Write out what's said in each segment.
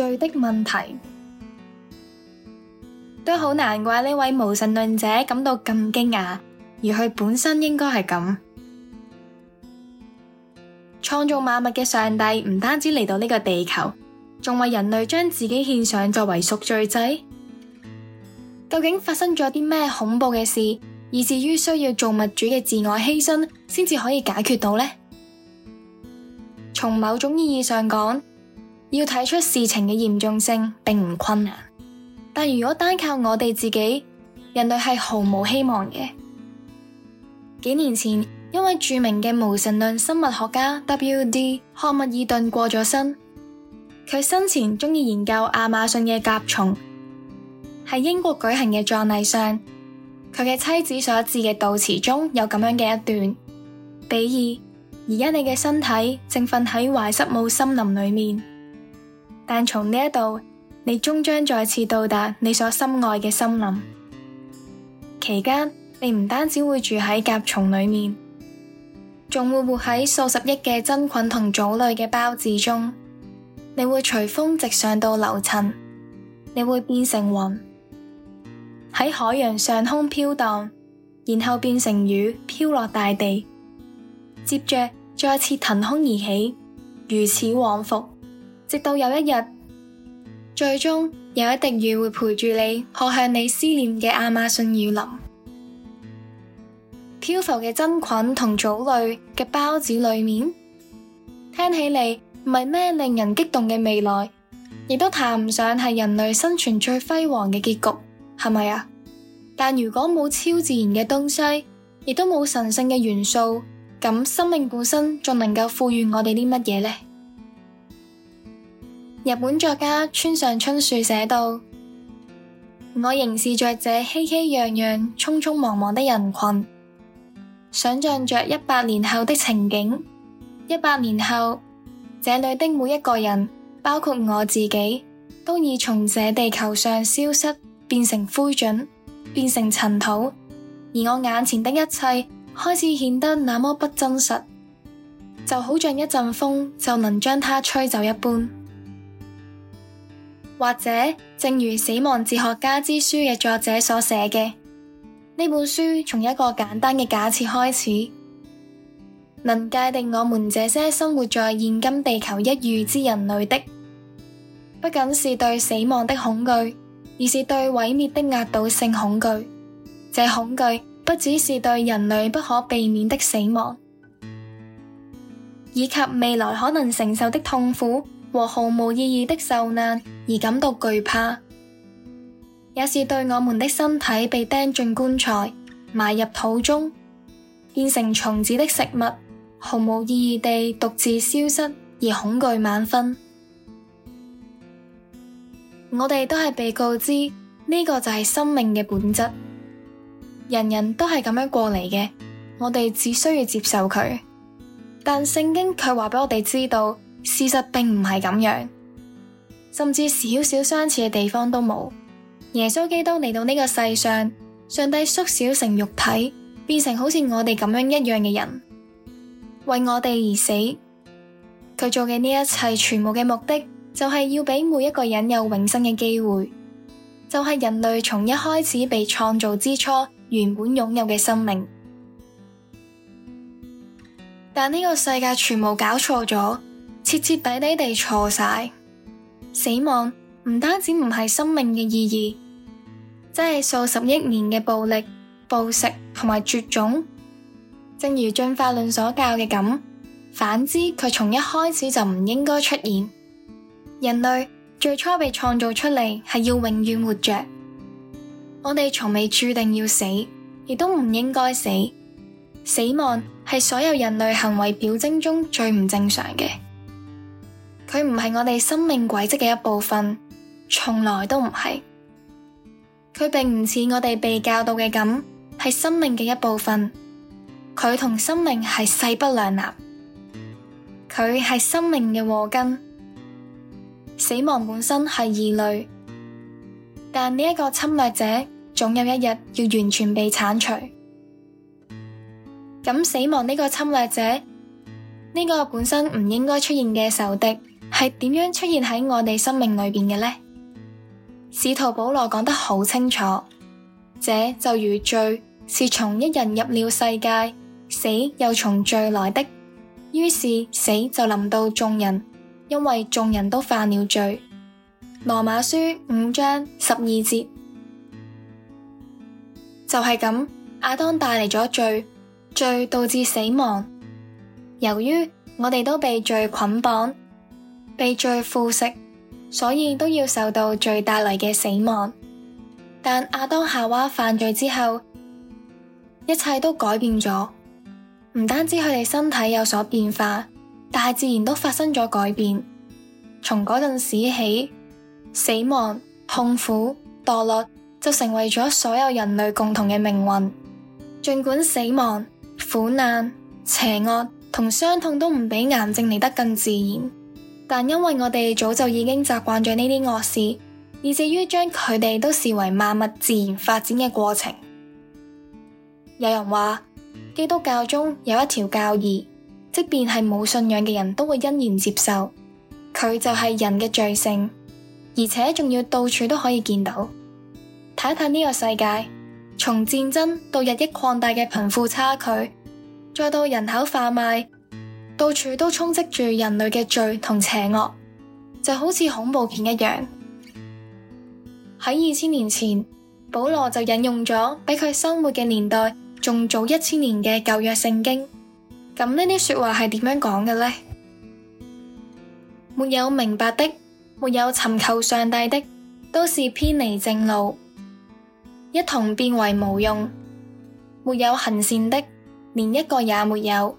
罪的問題都好難怪呢位無神論者感到咁驚訝，而佢本身應該係咁創造萬物嘅上帝唔單止嚟到呢個地球，仲為人類將自己獻上作為贖罪祭。究竟發生咗啲咩恐怖嘅事，以至於需要做物主嘅自我犧牲先至可以解決到呢？從某種意義上講，要睇出事情嘅嚴重性並唔困難，但如果單靠我哋自己，人類係毫無希望嘅。幾年前，一位著名嘅無神論生物學家 W.D. 漢密爾頓過咗身，佢生前鍾意研究亞馬遜嘅甲蟲。喺英國舉行嘅葬禮上，佢嘅妻子所致嘅悼詞中有咁樣嘅一段：「比爾，而家你嘅身體正瞓喺懷塞姆森林裏面。但從呢一度，你終將再次到達你所深愛嘅森林。期間，你唔單止會住喺甲蟲裏面，仲會活喺數十億嘅真菌同藻類嘅孢子中。你會隨風直上到流層，你會變成雲，喺海洋上空飄蕩，然後變成雨飄落大地，接着再次騰空而起，如此往復。直到有一日，最終有一滴雨會陪住你，撲向你思念嘅亞馬遜雨林。漂浮嘅真菌同藻類嘅孢子裏面，聽起嚟唔係咩令人激動嘅未來，亦都談唔上係人類生存最輝煌嘅結局，係咪啊？但如果冇超自然嘅東西，亦都冇神聖嘅元素，咁生命本身仲能夠賦予我哋啲乜嘢呢？日本作家村上春樹寫道：我凝視着這熙熙攘攘、匆匆忙忙的人群，想象着一百年後的情景。一百年後，這裏的每一個人，包括我自己，都已從這地球上消失，變成灰燼，變成塵土。而我眼前的一切開始顯得那麼不真實，就好像一陣風就能將它吹走一般。或者，正如《死亡哲學家之書》嘅作者所寫嘅，呢本書從一個簡單嘅假設開始，能界定我們這些生活在現今地球一隅之人類的，不僅是對死亡的恐懼，而是對毀滅的壓倒性恐懼。這恐懼不只是對人類不可避免的死亡，以及未來可能承受的痛苦，和毫無意義的受難而感到懼怕，也是對我們的身體被釘進棺材、埋入土中、變成蟲子的食物、毫無意義地獨自消失而恐懼萬分。我哋都係被告知呢個就係生命嘅本質，人人都係咁樣過嚟嘅，我哋只需要接受佢。但聖經卻話畀我哋知道。事實並唔係咁樣，甚至少少相似嘅地方都冇。耶穌基督嚟到呢個世上，上帝縮小成肉體，變成好似我哋咁樣一樣嘅人，為我哋而死。佢做嘅呢一切，全部嘅目的就係要俾每一個人有永生嘅機會，就係人類從一開始被創造之初原本擁有嘅生命。但呢個世界全部搞錯咗。徹徹底底地錯晒，死亡唔單止唔係生命嘅意義，即係數十億年嘅暴力、暴食同埋絕種。正如進化論所教嘅咁，反之佢從一開始就唔應該出現。人類最初被創造出嚟係要永遠活着，我哋從未注定要死，亦都唔應該死。死亡係所有人類行為表徵中最唔正常嘅。佢唔係我哋生命軌跡嘅一部分，從來都唔係。佢並唔似我哋被教導嘅咁，係生命嘅一部分。佢同生命係勢不兩立。佢係生命嘅禍根。死亡本身係異類，但呢一個侵略者總有一日要完全被鏟除。咁死亡呢個侵略者，呢個本身唔應該出現嘅仇敵。係點樣出現喺我哋生命裏邊嘅呢？使徒保羅講得好清楚，這就如罪是從一人入了世界，死又從罪來的，於是死就臨到眾人，因為眾人都犯了罪。羅馬書五章十二節就係咁，亞當帶嚟咗罪，罪導致死亡。由於我哋都被罪捆綁被罪腐蝕，所以都要受到罪帶來嘅死亡。但亞當夏娃犯罪之後，一切都改變咗。唔單止佢哋身體有所變化，大自然都發生咗改變。從嗰陣時起，死亡、痛苦、墮落就成為咗所有人類共同嘅命運。儘管死亡、苦難、邪惡同傷痛都唔比癌症嚟得更自然。但因為我哋早就已經習慣咗呢啲惡事，以至於將佢哋都視為萬物自然發展嘅過程。有人話，基督教中有一條教義，即便係冇信仰嘅人都會欣然接受，佢就係人嘅罪性，而且仲要到處都可以見到。睇一睇呢個世界，從戰爭到日益擴大嘅貧富差距，再到人口販賣。到處都充斥住人類嘅罪同邪惡，就好似恐怖片一樣。喺二千年前，保羅就引用咗比佢生活嘅年代仲早一千年嘅舊約聖經。咁呢啲說話係點樣講嘅呢？沒有明白的，沒有尋求上帝的，都是偏離正路，一同變為無用。沒有行善的，連一個也沒有。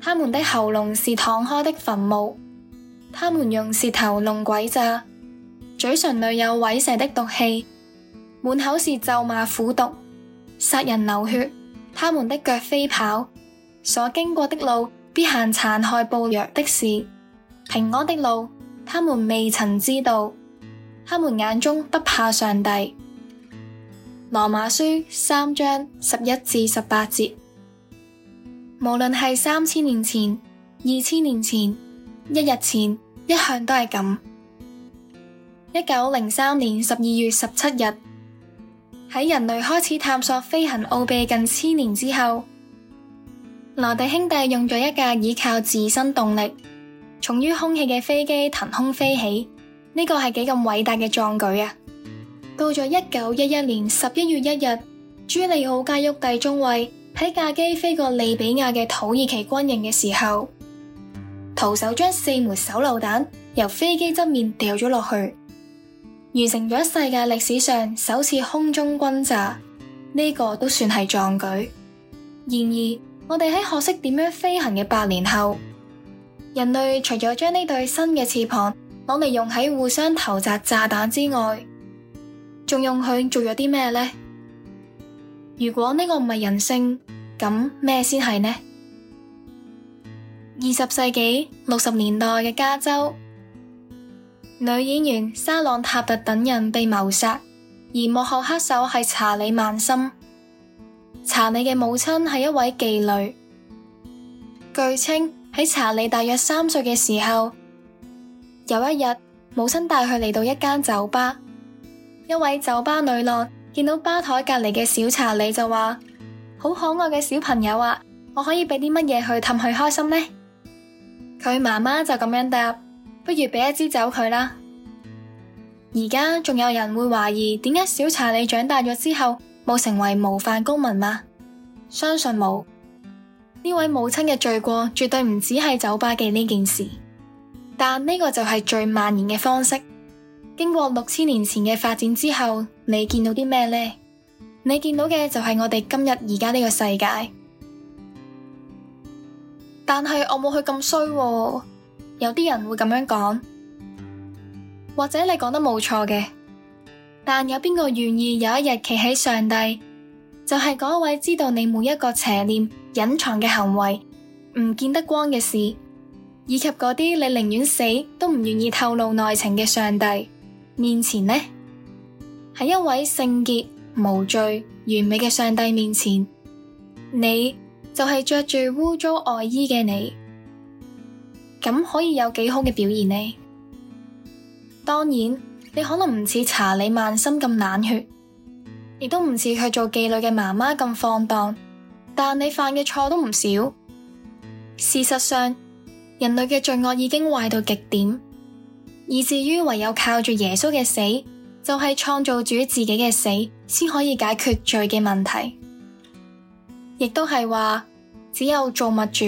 他們的喉嚨是敞開的墳墓，他們用舌頭弄詭詐，嘴唇裏有虺蛇的毒氣，滿口是咒罵苦毒，殺人流血。他們的腳飛跑，所經過的路必行殘害暴虐的事，平安的路他們未曾知道。他們眼中不怕上帝。羅馬書三章十一至十八節。無論係三千年前、二千年前、一日前，一向都係咁。一九零三年十二月十七日，喺人類開始探索飛行奧秘近千年之後，羅蒂兄弟用咗一架依靠自身動力、重於空氣嘅飛機騰空飛起，呢個係幾咁偉大嘅壯舉啊！到咗一九一一年十一月一日，朱利奧加沃蒂中尉。喺架機飛過利比亞嘅土耳其軍營嘅時候，徒手將四枚手榴彈由飛機側面掉咗落去，完成咗世界歷史上首次空中轟炸，呢、這個都算係壯舉。然而，我哋喺學識點樣飛行嘅八年後，人類除咗將呢對新嘅翅膀攞嚟用喺互相投擲炸彈之外，仲用佢做咗啲咩呢？如果呢個唔係人性，咁咩先係呢？二十世紀六十年代嘅加州，女演員莎朗塔特等人被謀殺，而幕後黑手係查理曼森。查理嘅母親係一位妓女，據稱喺查理大約三歲嘅時候，有一日母親帶佢嚟到一間酒吧，一位酒吧女郎，見到吧台隔籬嘅小查理就話：好可愛嘅小朋友啊，我可以俾啲乜嘢去氹佢開心呢？佢媽媽就咁樣答：不如俾一支酒佢啦。而家仲有人會懷疑點解小查理長大咗之後冇成為模範公民呀？相信冇。呢位母親嘅罪過絕對唔止係酒吧嘅呢件事，但呢個就係最蔓延嘅方式。經過六千年前嘅發展之後。你見到啲咩呢？你見到嘅就係我哋今日而家呢個世界，但係我冇去咁衰啊。有啲人會咁樣講，或者你講得冇錯嘅，但有邊個願意有一日企喺上帝，就係嗰位知道你每一個邪念、隱藏嘅行為、唔見得光嘅事，以及嗰啲你寧願死都唔願意透露內情嘅上帝面前呢？喺一位聖潔、無罪、完美嘅上帝面前，你就係着住污糟外衣嘅你，咁可以有幾好嘅表現呢？當然，你可能唔似查理曼森咁冷血，亦都唔似佢做妓女嘅媽媽咁放蕩，但你犯嘅錯都唔少。事實上，人類嘅罪惡已經壞到極點，以至於唯有靠住耶穌嘅死。就係創造主自己嘅死，先可以解決罪嘅問題，亦都係話只有造物主、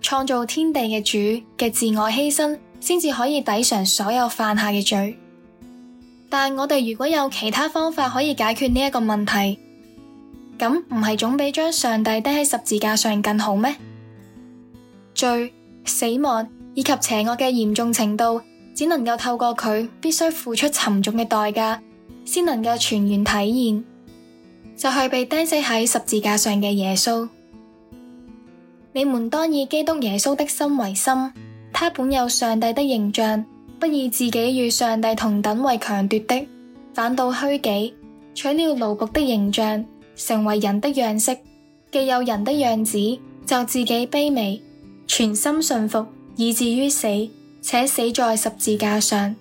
創造天地嘅主嘅自我犧牲，先至可以抵償所有犯下嘅罪。但我哋如果有其他方法可以解決呢一個問題，咁唔係總比將上帝釘喺十字架上更好咩？罪、死亡以及邪惡嘅嚴重程度，只能夠透過佢，必須付出沉重嘅代價，先能夠全然體現，就係被釘死喺十字架上嘅耶穌。 你們當以基督耶穌的心為心，他本有上帝的形象，不以自己與上帝同等為強奪的，反倒虛己，取了奴僕的形象，成為人的樣式。既有人的樣子，就自己卑微，全心順服，以至於死。且死在十字架上。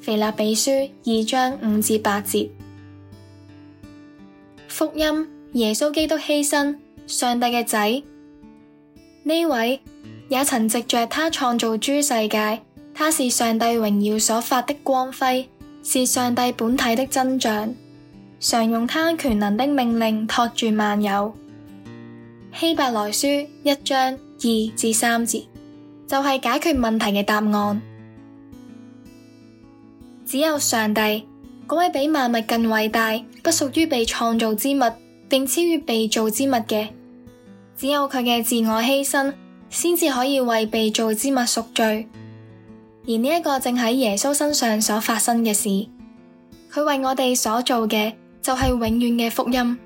腓立比書二章五至八節，福音耶穌基督犧牲，上帝嘅仔，呢位也曾藉着他創造諸世界，他是上帝榮耀所發的光輝，是上帝本體的真像，常用他全能的命令托住萬有。希伯來書一章二至三節。就係解決問題嘅答案。只有上帝，嗰位比萬物更偉大，不屬於被創造之物，並超越被造之物嘅，只有佢嘅自我犧牲，先至可以為被造之物贖罪。而呢一個正喺耶穌身上所發生嘅事，佢為我哋所做嘅，就係永遠嘅福音。